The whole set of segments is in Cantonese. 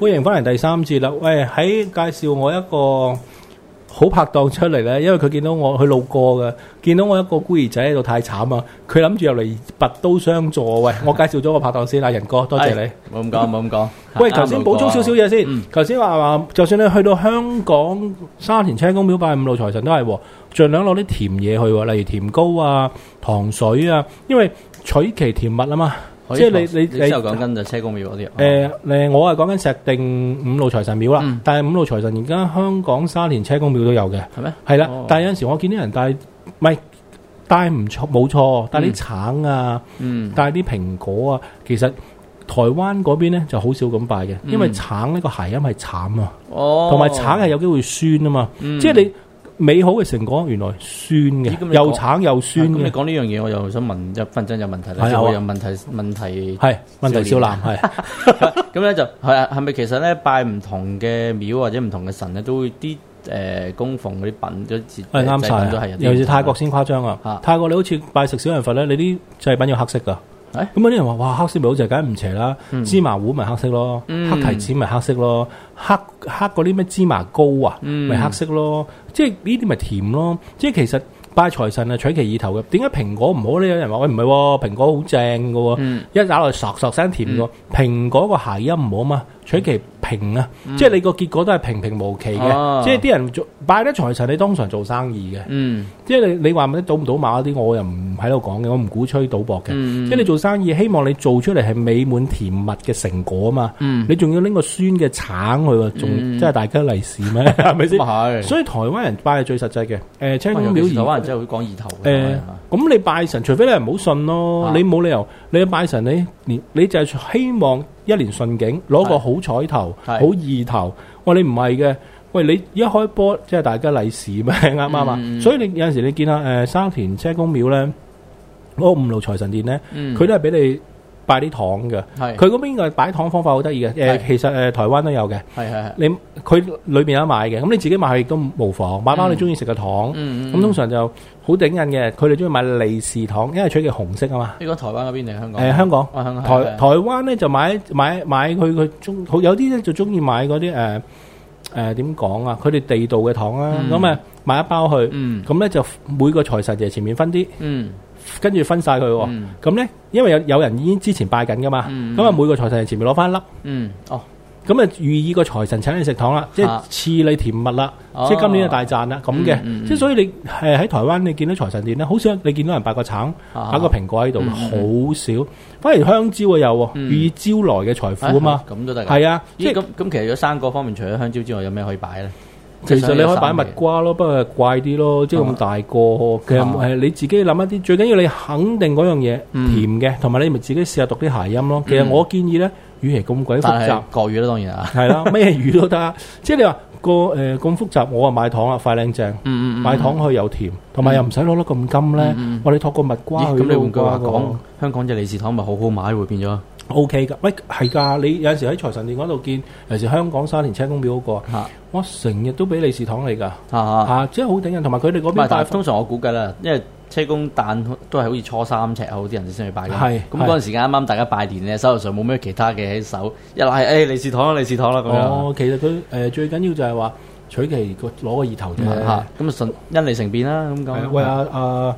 歡迎翻嚟第三節啦！喂，喺介紹我一個好拍檔出嚟咧，因為佢見到我佢路過嘅，見到我一個孤兒仔喺度太慘啊！佢諗住入嚟拔刀相助 喂，我介紹咗個拍檔先啦，仁哥，多謝你。冇咁講，冇咁講。喂，頭先補充少少嘢先。頭先話話，就算你去到香港沙田青宮廟拜五路財神都係，盡量攞啲甜嘢去，例如甜糕啊、糖水啊，因為取其甜蜜啊嘛。即係你你你又講緊就車公廟嗰啲，誒誒，我係講緊石碇五路財神廟啦。嗯、但係五路財神而家香港沙田車公廟都有嘅，係咩？係啦，但有陣時我見啲人帶唔係帶唔錯，冇錯帶啲橙啊，嗯、帶啲蘋果啊。其實台灣嗰邊咧就好少咁拜嘅，因為橙呢個諧音係慘啊，同埋、哦、橙係有機會酸啊嘛。嗯、即係你。美好嘅成果，原來酸嘅，又橙又酸嘅、嗯嗯、你講呢樣嘢，我又想問一分真有問題啦。係啊對，有問題，問題係的問題少男係。咁咧就係啊，係咪其實咧拜唔同嘅廟或者唔同嘅神咧，都會啲誒供奉嗰啲品，的、嗯、品都截係啱曬，尤其是泰國先誇張啊。泰國你好似拜食小人佛咧，你啲祭品要黑色噶。哎，咁嗰啲人話，哇，黑色咪好就梗係唔邪啦。嗯、芝麻糊咪黑色咯，嗯、黑提子咪黑色咯，黑黑嗰啲咩芝麻糕啊，咪、嗯、黑色咯。即係呢啲咪甜咯。即係其實拜財神係取其意頭嘅。點解蘋果唔好呢？有人話，喂、哎，唔係喎，蘋果好正嘅喎，嗯、一打落嚟索索聲甜嘅。嗯、蘋果個諧音唔好啊嘛，取其。嗯平啊！即係你個結果都係平平無奇嘅，即係啲人做拜得財神，你通常做生意嘅。嗯，即係你你話咩賭唔賭馬嗰啲，我又唔喺度講嘅，我唔鼓吹賭博嘅。即係你做生意，希望你做出嚟係美滿甜蜜嘅成果啊嘛。你仲要拎個酸嘅橙去，仲即係大吉利是咩？係咪先？所以台灣人拜係最實際嘅。誒，青峰廟，台灣人真係會講意頭。誒，咁你拜神，除非你係唔好信咯，你冇理由你去拜神，你你就係希望。一年順景，攞個好彩頭，好意的頭。喂，你唔係嘅，喂，你一開波即係大家利是咩？啱唔啱啊？嗯、所以你有陣時你見下誒，沙田車公廟咧，嗰、那個、五路財神殿咧，佢、嗯、都係俾你。擺啲糖嘅，佢嗰邊個擺糖方法好得意嘅。誒，其實誒，台灣都有嘅。係係係。你佢裏邊有得買嘅，咁你自己買去亦都無妨。買包你中意食嘅糖，咁通常就好頂癮嘅。佢哋中意買利是糖，因為取嘅紅色啊嘛。呢個台灣嗰邊定香港？誒，香港。台台灣咧就買買買佢佢中，有啲咧就中意買嗰啲誒誒點講啊？佢哋地道嘅糖啊，咁啊買一包去，咁咧就每個財神就係前面分啲。跟住分晒佢喎，咁咧，因為有有人已經之前拜緊噶嘛，咁啊每個財神前面攞翻粒，哦，咁啊寓意個財神請你食糖啦，即係賜你甜蜜啦，即係今年啊大賺啦咁嘅，即係所以你係喺台灣你見到財神殿咧，好少，你見到人擺個橙，擺個蘋果喺度，好少，反而香蕉啊有啊，寓意招來嘅財富啊嘛，咁都得嘅，係啊，即係咁咁其實如果生果方面，除咗香蕉之外，有咩可以擺咧？其實，其實你可以擺蜜瓜咯，不過怪啲咯，即係咁大個。其實誒，你自己諗一啲，最緊要你肯定嗰樣嘢甜嘅，同埋、嗯、你咪自己試下讀啲諧音咯。其實我建議咧，語言咁鬼複雜，國語啦，當然啊，係啦， 咩語都得。即係你話個誒咁、呃、複雜，我啊買糖啊，快靚正，嗯嗯嗯，買糖佢又甜，同埋又唔使攞得咁金咧。嗯嗯嗯，我哋托個蜜瓜咁咦你換句話講，香港只利是糖咪好好買，會變咗。O K 噶，喂、okay，係噶，你有陣時喺財神殿嗰度見，尤其香港沙田車公廟嗰、那個，哇的，成日都俾利是糖你噶，啊，即係好頂人。同埋佢哋嗰邊拜，通常我估計啦，因為車公誕都係好似初三赤口啲人先去拜嘅，咁嗰陣時間啱啱大家拜年咧，手頭上冇咩其他嘅喺手，一拉誒利是糖，利是糖啦咁樣。哦，其實佢誒、呃、最緊要就係話。取其個攞個熱頭啫，咁啊順因利成便啦，咁講。喂，阿阿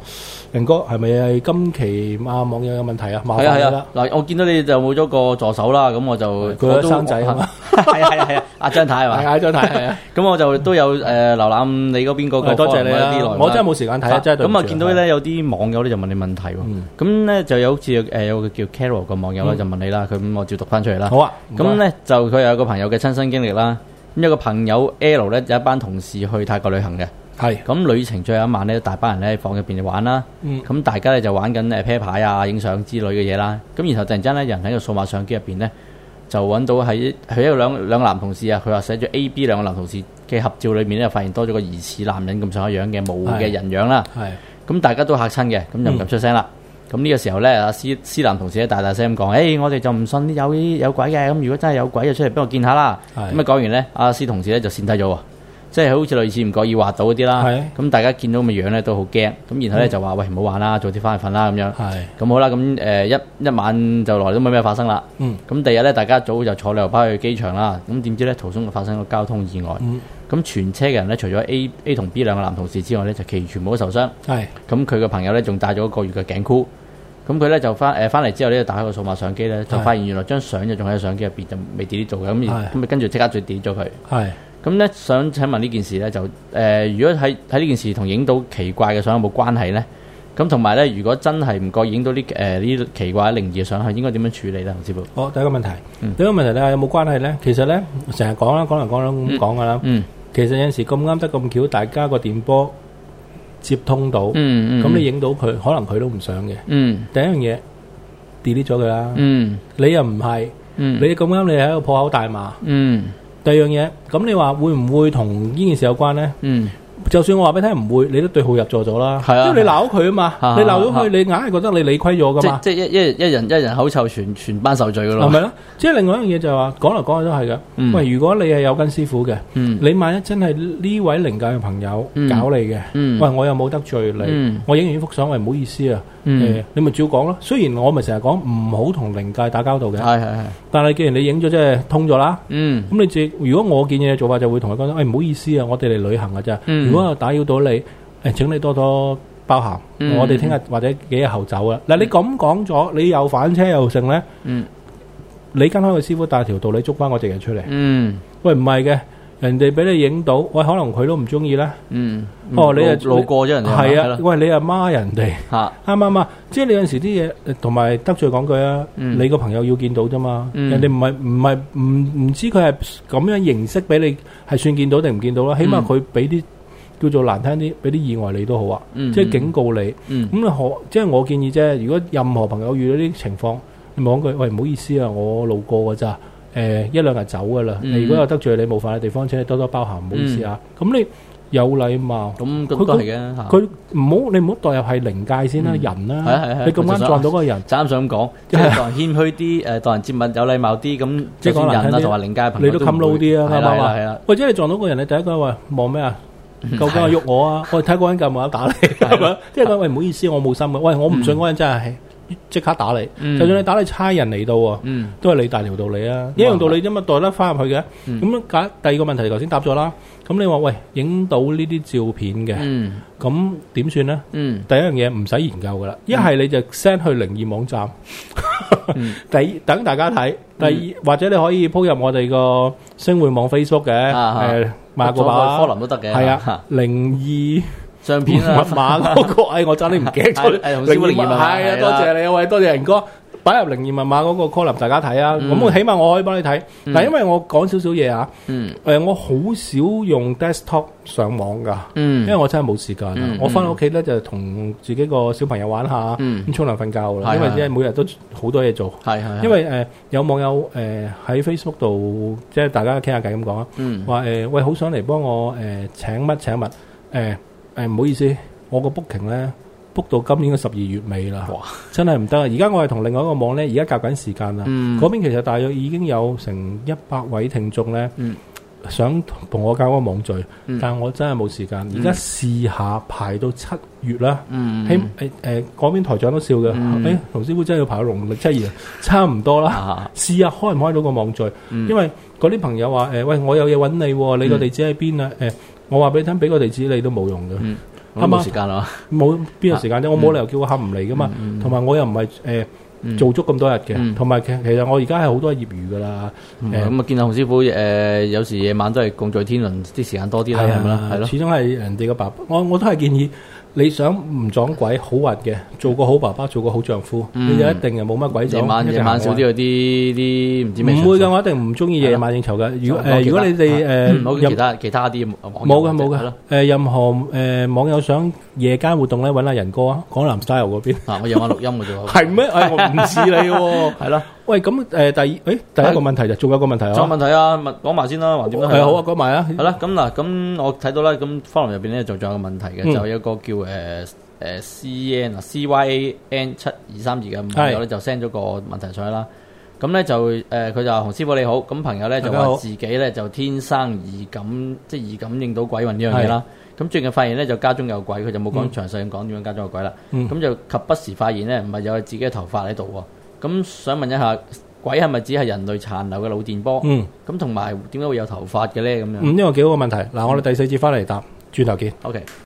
明哥，係咪係今期啊網友有問題啊？係係啊，嗱，我見到你就冇咗個助手啦，咁我就佢都生仔啊嘛，係啊係啊係啊，阿張太係嘛？係啊張太係啊，咁我就都有誒瀏覽你嗰邊個多謝你啲啦，我真係冇時間睇，咁啊見到咧有啲網友咧就問你問題喎，咁咧就有好似誒有個叫 Carol 個網友就問你啦，佢咁我照讀翻出嚟啦。好啊，咁咧就佢有個朋友嘅親身經歷啦。咁一個朋友 L 咧，有一班同事去泰國旅行嘅，係咁是的 旅程最後一晚咧，大班人咧喺房入邊玩啦，咁、嗯、大家咧就玩緊誒啤牌啊、影相、啊、之類嘅嘢啦，咁然後突然間咧，人喺個數碼相機入邊咧，就揾到喺喺有兩兩個男同事啊，佢話寫住 A B 兩個男同事嘅合照裏面咧，發現多咗個疑似男人咁上下樣嘅模糊嘅人樣啦，係咁是的 大家都嚇親嘅，咁就唔敢出聲啦。咁呢個時候咧，阿施施男同事咧大大聲咁講：，誒、哎，我哋就唔信有有鬼嘅，咁如果真係有鬼就出嚟俾我見下啦。咁一講完咧，阿施同事咧就跣低咗喎，即係好似類似唔覺意滑倒嗰啲啦。咁是的 大家見到咁嘅樣咧都好驚。咁然後咧、嗯、就話：，喂，唔好玩啦，早啲翻去瞓啦。咁樣。咁是的 好啦，咁、呃、誒一一晚就來,來都冇咩發生啦。咁第二日咧，大家早就坐旅遊巴去機場啦。咁點知咧途中發生個交通意外。咁、嗯、全車嘅人咧，除咗 A A 同 B 兩個男同事之外咧，就其餘全部都受傷。咁佢嘅朋友咧仲戴咗一個,個月嘅頸箍。咁佢咧就翻誒翻嚟之後咧，打開個數碼相機咧，是的 就發現原來張相就仲喺相機入邊是的 就未 delete 咗嘅，咁咁跟住即刻就 delete 咗佢。係咁咧，想請問呢件事咧就誒、呃，如果喺喺呢件事同影到奇怪嘅相有冇關係咧？咁同埋咧，如果真係唔覺影到啲誒呢啲奇怪嘅靈異相，係應該點樣處理咧？洪師傅，好、哦，第一個問題，嗯、第一個問題你話有冇關係咧？其實咧成日講啦，講嚟講啦咁講㗎啦。嗯，嗯、其實有陣時咁啱得咁巧，大家個電波。接通到，咁、嗯嗯、你影到佢，可能佢都唔想嘅。嗯、第一樣嘢 delete 咗佢啦，嗯、你又唔係，嗯、你咁啱你喺度破口大罵。嗯、第二樣嘢，咁你話會唔會同呢件事有關咧？嗯就算我話俾你聽唔會，你都對號入座咗啦。如果又打擾到你，誒請你多多包涵。我哋聽日或者幾日後走啦。嗱，你咁講咗，你又反車又剩咧。嗯，你跟開個師傅帶條道理捉翻我隻嘢出嚟。嗯，喂，唔係嘅，人哋俾你影到，喂，可能佢都唔中意咧。嗯，哦，你又路過咗人係啊？喂，你又罵人哋嚇？啱唔啱？即係你有陣時啲嘢，同埋得罪講句啊，你個朋友要見到啫嘛。人哋唔係唔係唔唔知佢係咁樣形式俾你係算見到定唔見到啦？起碼佢俾啲。叫做難聽啲，俾啲意外你都好啊，即係警告你。咁你可即係我建議啫。如果任何朋友遇到啲情況，你咪講句：喂，唔好意思啊，我路過嘅咋？誒，一兩日走嘅啦。如果有得罪你冒犯嘅地方，請你多多包涵，唔好意思啊。咁你有禮貌，咁佢咁嚟嘅。佢唔好你唔好代入係靈界先啦，人啦。係啊係啊，你咁啱撞到個人，啱想講即係待人謙虛啲，誒待人接物有禮貌啲，咁即係人啦，就話靈界朋友都會係啦係啦。喂，即係撞到個人，你第一個話望咩啊？夠勁喎，喐我啊！我睇嗰個人冇得打你，係咪？即係講，喂，唔好意思，我冇心嘅。喂，我唔信嗰人真係即刻打你。就算你打你差人嚟到啊，都係你大條道理啊，一樣道理啫嘛，代得翻入去嘅。咁樣，第二個問題，頭先答咗啦。咁你話喂，影到呢啲照片嘅，咁點算咧？第一樣嘢，唔使研究噶啦，一係你就 send 去靈異網站，第等大家睇。第二或者你可以鋪入我哋個星匯網 Facebook 嘅，誒。馬哥把科林都得嘅，係啊，靈異相片密碼嗰個，哎，我真係唔記得咗。出，靈異係啊，多謝你啊，喂，多謝仁哥。擺入靈異密碼嗰個 column 大家睇啊，咁我、嗯、起碼我可以幫你睇。嗱、嗯，但因為我講少少嘢啊，誒、嗯呃，我好少用 desktop 上網噶，嗯、因為我真係冇時間。嗯、我翻到屋企咧就同自己個小朋友玩下，咁沖涼瞓覺啦。嗯、因為真係每日都好多嘢做。係係、嗯、因為誒、呃、有網友誒喺、呃、Facebook 度即係大家傾下偈咁講啊，話誒、嗯呃呃、喂，好想嚟幫我誒請乜請物誒誒，唔、呃呃呃呃、好意思，我個 booking 咧。book 到今年嘅十二月尾啦，哇，真係唔得啊！而家我係同另外一個網呢，而家夾緊時間啦。嗰邊其實大約已經有成一百位聽眾呢，想同我搞個網聚，但我真係冇時間。而家試下排到七月啦，希誒誒，嗰邊台長都笑嘅。誒，洪師傅真係要排到農曆七月，差唔多啦。試下開唔開到個網聚？因為嗰啲朋友話：誒，喂，我有嘢揾你，你個地址喺邊啊？誒，我話俾你聽，俾個地址你都冇用嘅。冇時間啦，冇邊個時間啫、啊！我冇理由叫我客唔嚟噶嘛。同埋、嗯嗯、我又唔係誒做足咁多日嘅，同埋、嗯、其實我而家係好多係業餘噶啦。咁啊，見到洪師傅誒、呃，有時夜晚都係共聚天倫，啲時間多啲啦，係咪、嗯、啊？係咯吧，始終係人哋個爸爸，我我都係建議。你想唔撞鬼好核嘅，做個好爸爸，做個好丈夫，你就一定係冇乜鬼。夜晚夜晚少啲啲啲唔知咩。唔會嘅，我一定唔中意夜晚應酬嘅。如果誒，如果你哋誒，冇其他其他啲冇冇嘅冇嘅。誒，任何誒網友想夜間活動咧，揾下仁哥啊，廣南 style 嗰邊。嗱，我夜晚錄音嘅啫。係咩？我唔似你喎。係啦。喂，咁誒第二，第一個問題就仲有一個問題,有一問題啊！仲有問題啊，咪講埋先啦，橫掂都係。好啊，講埋啊。係啦，咁嗱，咁我睇到啦，咁花龍入邊咧，就仲有一個問題嘅，嗯、就有一個叫誒誒、呃、C N 啊、嗯、，C Y A N 七二三二嘅朋友咧就 send 咗個問題上去啦。咁咧就誒，佢、呃、就話：洪師傅你好，咁朋友咧就話自己咧就天生易感，即係易感染到鬼魂呢樣嘢啦。咁、嗯嗯、最近發現咧就家中有鬼，佢就冇講詳細咁講點樣家中有鬼啦。咁就、嗯嗯、及不時發現咧，唔係有自己嘅頭髮喺度。咁想問一下，鬼係咪只係人類殘留嘅腦電波？嗯，咁同埋點解會有頭髮嘅咧？咁樣，嗯，呢個幾好嘅問題。嗱，嗯，我哋第四節翻嚟答，轉頭見。OK。